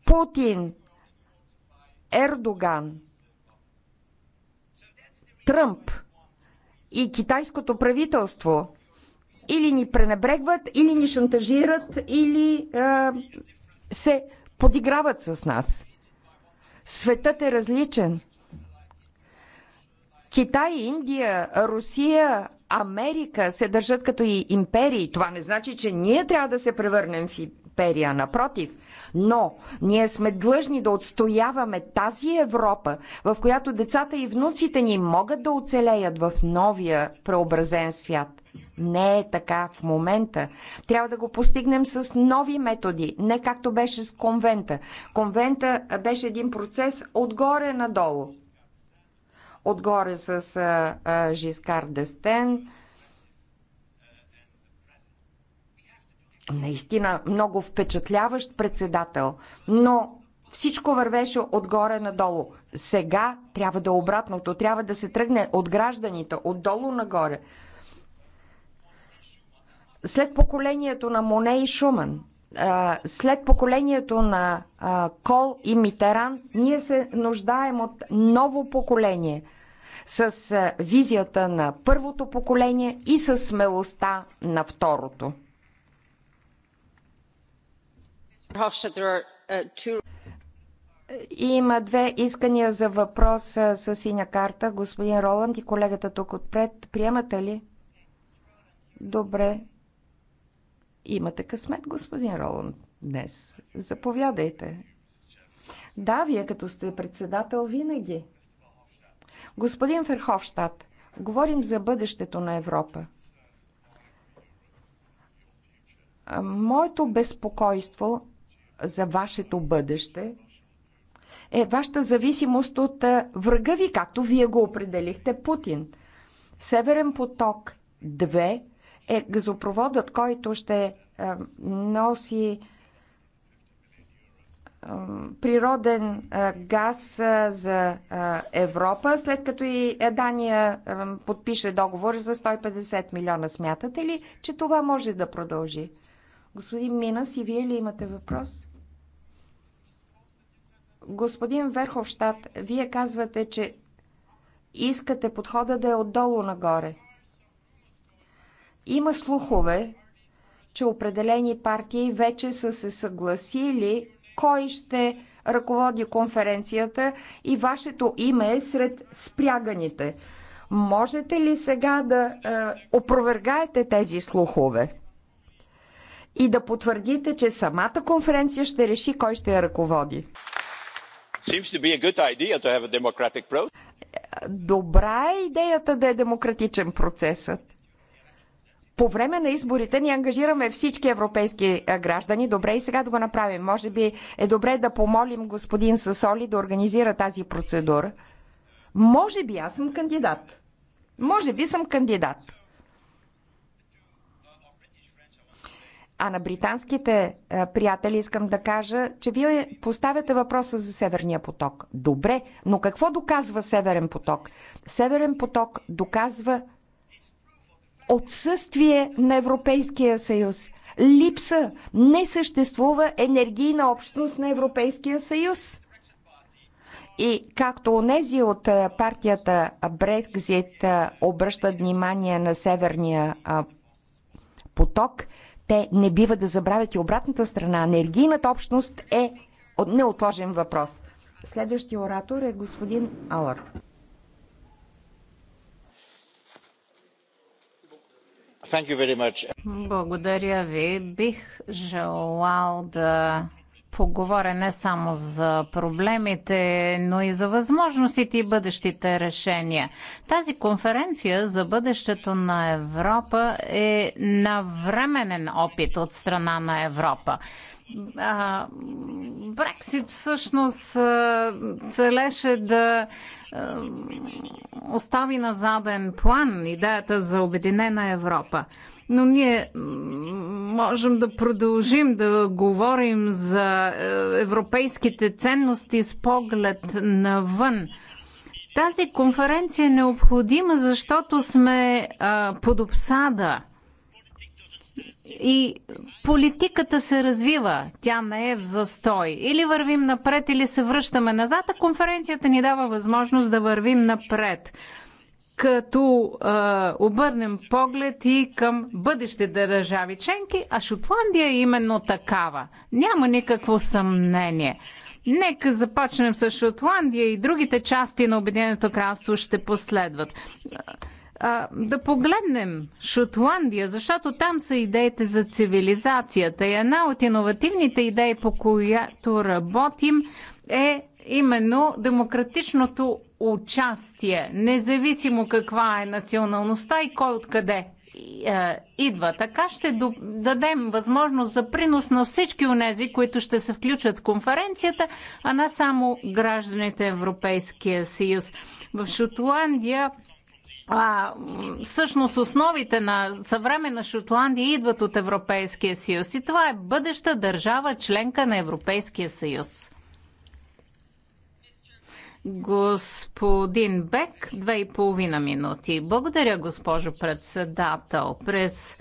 [SPEAKER 1] Путин, Ердоган, Тръмп и китайското правителство или ни пренебрегват, или ни шантажират, или а, се подиграват с нас. Светът е различен. Китай, Индия, Русия, Америка се държат като и империи. Това не значи, че ние трябва да се превърнем в империя, напротив. Но ние сме длъжни да отстояваме тази Европа, в която децата и внуците ни могат да оцелеят в новия преобразен свят. Не е така в момента. Трябва да го постигнем с нови методи, не както беше с конвента. Конвента беше един процес отгоре надолу. Отгоре с а, а, Жискар Дестен, наистина много впечатляващ председател, но всичко вървеше отгоре надолу. Сега трябва да е обратното. Трябва да се тръгне от гражданите, отдолу нагоре. След поколението на Моне и Шуман, след поколението на Кол и Митеран, ние се нуждаем от ново поколение с визията на първото поколение и с смелостта на второто. Има две искания за въпрос с синя карта. Господин Роланд и колегата тук отпред. Приемате ли? Добре. Имате късмет, господин Роланд, днес. Заповядайте. Да, вие като сте председател винаги. Господин Ферховщад, говорим за бъдещето на Европа. Моето безпокойство за вашето бъдеще е вашата зависимост от врага ви, както вие го определихте Путин. Северен поток 2 е газопроводът, който ще носи природен газ за Европа, след като и Дания подпише договор за 150 милиона. Смятате ли, че това може да продължи? Господин Минас, и вие ли имате въпрос? Господин Верховщад, вие казвате, че искате подхода да е отдолу нагоре. Има слухове, че определени партии вече са се съгласили кой ще ръководи конференцията и вашето име е сред спряганите. Можете ли сега да е, опровергаете тези слухове и да потвърдите, че самата конференция ще реши кой ще я ръководи? Добра е идеята да е демократичен процесът. По време на изборите ни ангажираме всички европейски граждани. Добре е и сега да го направим. Може би е добре да помолим господин Сасоли да организира тази процедура. Може би аз съм кандидат. Може би съм кандидат. А на британските е, приятели искам да кажа, че вие поставяте въпроса за Северния поток. Добре, но какво доказва Северен поток? Северен поток доказва отсъствие на Европейския съюз. Липса. Не съществува енергийна общност на Европейския съюз. И както онези от е, партията Брекзит е, обръщат внимание на Северния поток – те не бива да забравят и обратната страна. Енергийната общност е неотложен въпрос. Следващия оратор е господин Алър.
[SPEAKER 2] Благодаря ви. Бих желал да поговоря не само за проблемите, но и за възможностите и бъдещите решения. Тази конференция за бъдещето на Европа е навременен опит от страна на Европа. Брексит всъщност целеше да остави на заден план идеята за Обединена Европа. Но ние можем да продължим да говорим за е, европейските ценности с поглед навън. Тази конференция е необходима, защото сме а, под обсада. И политиката се развива, тя не е в застой. Или вървим напред, или се връщаме назад, а конференцията ни дава възможност да вървим напред като а, обърнем поглед и към бъдещите държави членки, а Шотландия е именно такава. Няма никакво съмнение. Нека започнем с Шотландия и другите части на Обединеното кралство ще последват. А, да погледнем Шотландия, защото там са идеите за цивилизацията. И една от иновативните идеи, по която работим, е именно демократичното участие, независимо каква е националността и кой откъде е, идва. Така ще дадем възможност за принос на всички онези, които ще се включат в конференцията, а не само гражданите Европейския съюз. В Шотландия а, всъщност основите на съвременна Шотландия идват от Европейския съюз и това е бъдеща държава членка на Европейския съюз. Господин Бек, две и половина минути. Благодаря, госпожо председател. През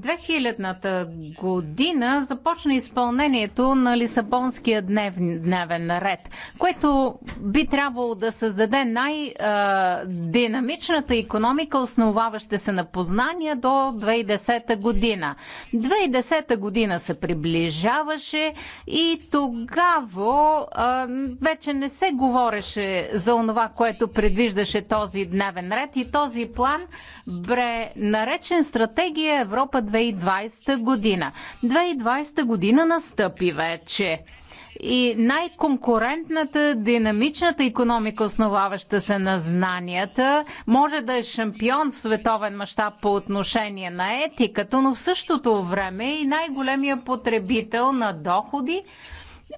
[SPEAKER 2] 2000-та година започна изпълнението на Лисабонския днев, дневен наред, което би трябвало да създаде най-динамичната економика, основаваща се на познания до 2010 година. 2010 година се приближаваше и тогава а, вече не се говореше за онова, което предвиждаше този дневен ред и този план бре наречен стратегия Европа 2020 година. 2020 година настъпи вече и най-конкурентната, динамичната економика, основаваща се на знанията, може да е шампион в световен мащаб по отношение на етиката, но в същото време и най-големия потребител на доходи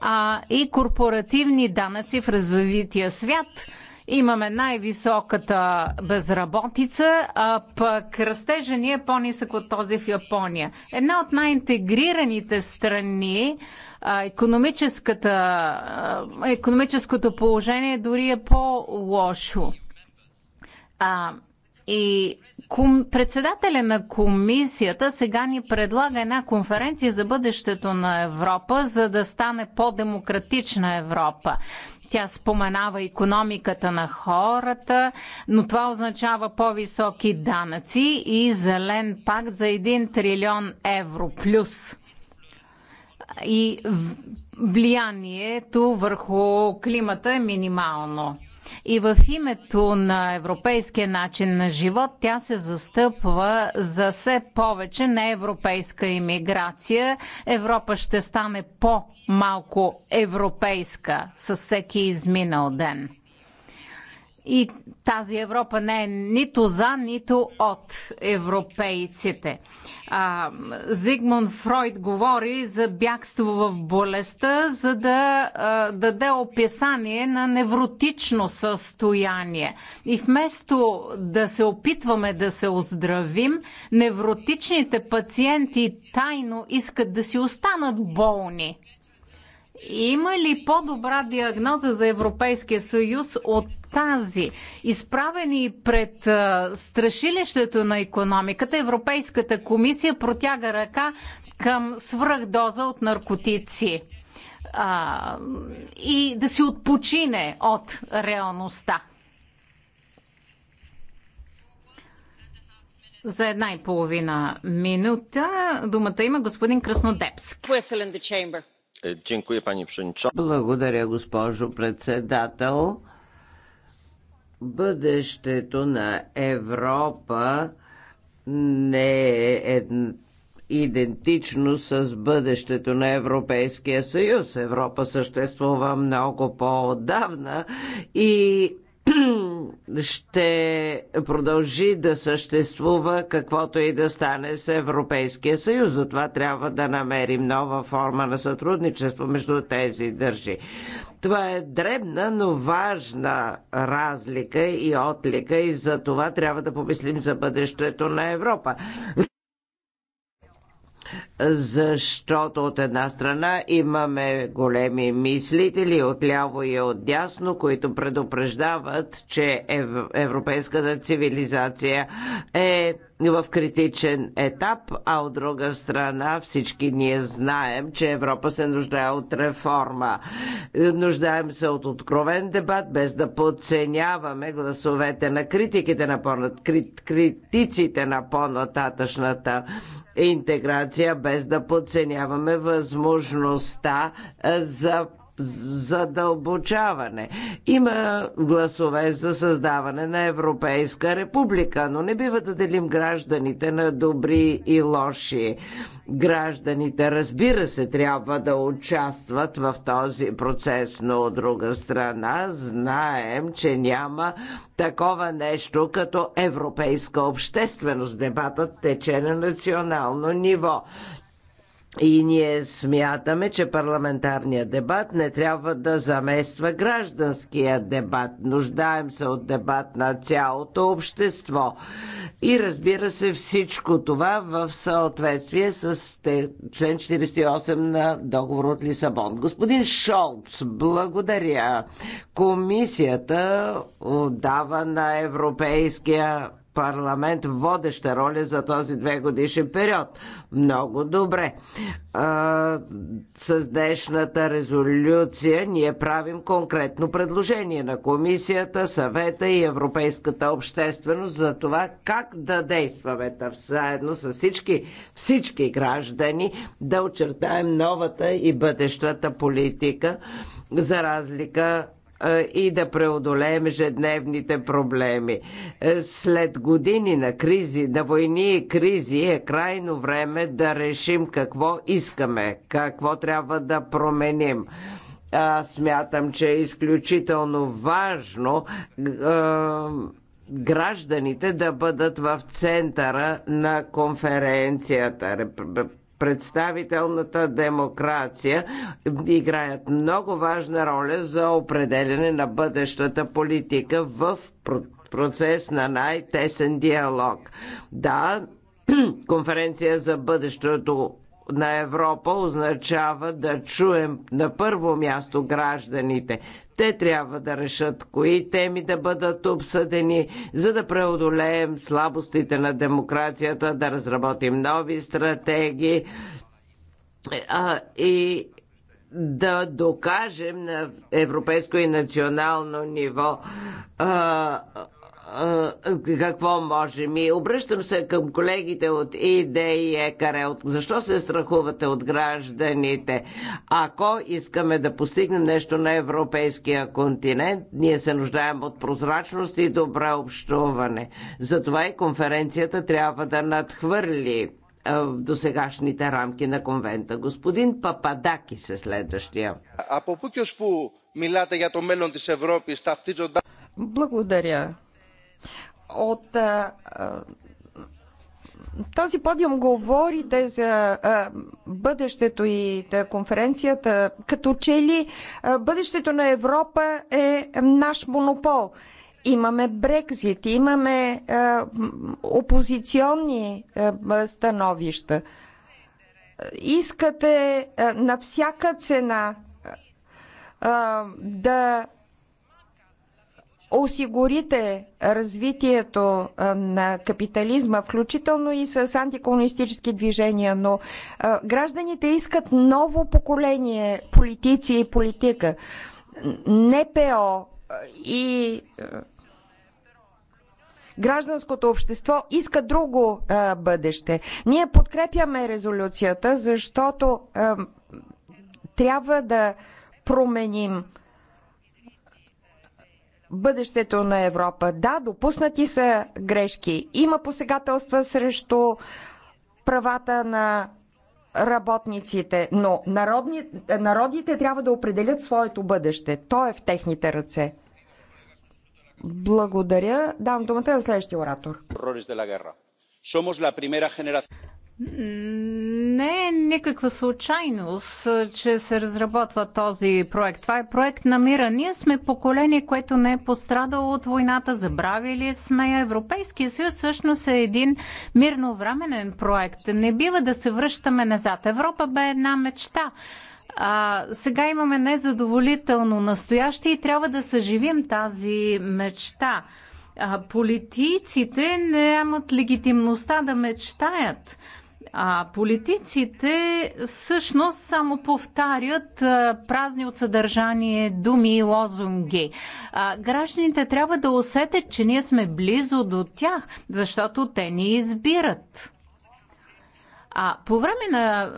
[SPEAKER 2] а, и корпоративни данъци в развития свят – имаме най-високата безработица, а пък растежа ни е по-нисък от този в Япония. Една от най-интегрираните страни економическата, економическото положение дори е по-лошо. А, и ком, председателя на комисията сега ни предлага една конференция за бъдещето на Европа, за да стане по-демократична Европа. Тя споменава економиката на хората, но това означава по-високи данъци и зелен пакт за 1 трилион евро плюс и влиянието върху климата е минимално. И в името на европейския начин на живот тя се застъпва за все повече неевропейска иммиграция. Европа ще стане по-малко европейска със всеки изминал ден. И тази Европа не е нито за, нито от европейците. А, Зигмунд Фройд говори за бягство в болестта, за да а, даде описание на невротично състояние. И вместо да се опитваме да се оздравим, невротичните пациенти тайно искат да си останат болни има ли по-добра диагноза за Европейския съюз от тази? Изправени пред страшилището на економиката, Европейската комисия протяга ръка към свръхдоза от наркотици а, и да си отпочине от реалността. За една и половина минута думата има господин Краснодепски.
[SPEAKER 3] E, Благодаря, госпожо председател. Бъдещето на Европа не е идентично с бъдещето на Европейския съюз. Европа съществува много по-отдавна и ще продължи да съществува каквото и да стане с Европейския съюз. Затова трябва да намерим нова форма на сътрудничество между тези държи. Това е дребна, но важна разлика и отлика и за това трябва да помислим за бъдещето на Европа защото от една страна имаме големи мислители от ляво и от дясно, които предупреждават, че европейската цивилизация е в критичен етап, а от друга страна всички ние знаем, че Европа се нуждае от реформа. Нуждаем се от откровен дебат, без да подценяваме гласовете на критиките на по критиците на по-нататъчната интеграция без да подценяваме възможността за задълбочаване. Има гласове за създаване на Европейска република, но не бива да делим гражданите на добри и лоши. Гражданите, разбира се, трябва да участват в този процес, но от друга страна знаем, че няма такова нещо като европейска общественост. Дебатът тече на национално ниво. И ние смятаме, че парламентарният дебат не трябва да замества гражданския дебат. Нуждаем се от дебат на цялото общество. И разбира се, всичко това в съответствие с член 48 на договор от Лисабон. Господин Шолц, благодаря. Комисията дава на Европейския парламент водеща роля за този две годишен период. Много добре. А, с днешната резолюция ние правим конкретно предложение на комисията, съвета и европейската общественост за това как да действаме заедно с всички, всички граждани да очертаем новата и бъдещата политика за разлика и да преодолеем ежедневните проблеми. Е, след години на кризи, на войни и кризи е крайно време да решим какво искаме, какво трябва да променим смятам, че е изключително важно е, гражданите да бъдат в центъра на конференцията представителната демокрация играят много важна роля за определене на бъдещата политика в процес на най-тесен диалог. Да, конференция за бъдещето на Европа означава да чуем на първо място гражданите. Те трябва да решат кои теми да бъдат обсъдени, за да преодолеем слабостите на демокрацията, да разработим нови стратегии а, и да докажем на европейско и национално ниво а, какво може ми. обръщам се към колегите от ИД и ЕКАРЕ. Защо се страхувате от гражданите? Ако искаме да постигнем нещо на европейския континент, ние се нуждаем от прозрачност и добре общуване. Затова и конференцията трябва да надхвърли до сегашните рамки на конвента. Господин Пападаки се следващия.
[SPEAKER 2] А по пукиos που μιλάτε για το μέλλον της
[SPEAKER 1] Благодаря, от този подиум говорите за а, бъдещето и да, конференцията, като че ли а, бъдещето на Европа е наш монопол. Имаме Брекзит, имаме а, опозиционни а, становища. Искате а, на всяка цена а, да осигурите развитието на капитализма, включително и с антикомунистически движения, но гражданите искат ново поколение политици и политика. НПО и гражданското общество иска друго бъдеще. Ние подкрепяме резолюцията, защото трябва да променим бъдещето на Европа. Да, допуснати са грешки. Има посегателства срещу правата на работниците, но народни, народите трябва да определят своето бъдеще. То е в техните ръце. Благодаря. Давам думата на следващия оратор не е никаква случайност,
[SPEAKER 2] че се разработва този проект. Това е проект на мира. Ние сме поколение, което не е пострадало от войната, забравили сме. Европейския съюз всъщност е един мирновременен проект. Не бива да се връщаме назад. Европа бе една мечта. А, сега имаме незадоволително настояще и трябва да съживим тази мечта. А, политиците нямат легитимността да мечтаят а политиците всъщност само повтарят а, празни от съдържание думи и лозунги. А, гражданите трябва да усетят, че ние сме близо до тях, защото те ни избират. А по време на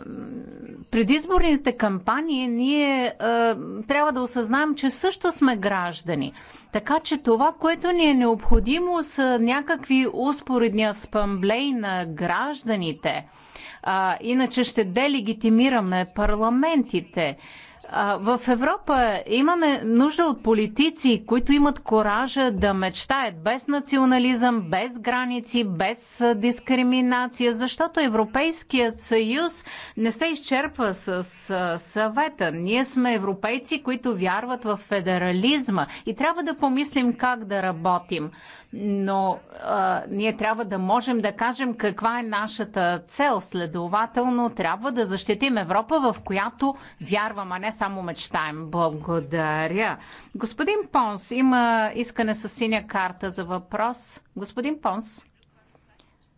[SPEAKER 2] предизборните кампании ние а, трябва да осъзнаем, че също сме граждани. Така че това, което ни е необходимо са някакви успоредни аспамблей на гражданите – а, иначе ще делегитимираме парламентите. В Европа имаме нужда от политици, които имат коража да мечтаят без национализъм, без граници, без дискриминация, защото Европейският съюз не се изчерпва с съвета. Ние сме европейци, които вярват в федерализма и трябва да помислим как да работим. Но а, ние трябва да можем да кажем каква е нашата цел. Следователно, трябва да защитим Европа, в която вярвам, а не само мечтаем. Благодаря. Господин Понс, има искане с синя карта за въпрос. Господин Понс.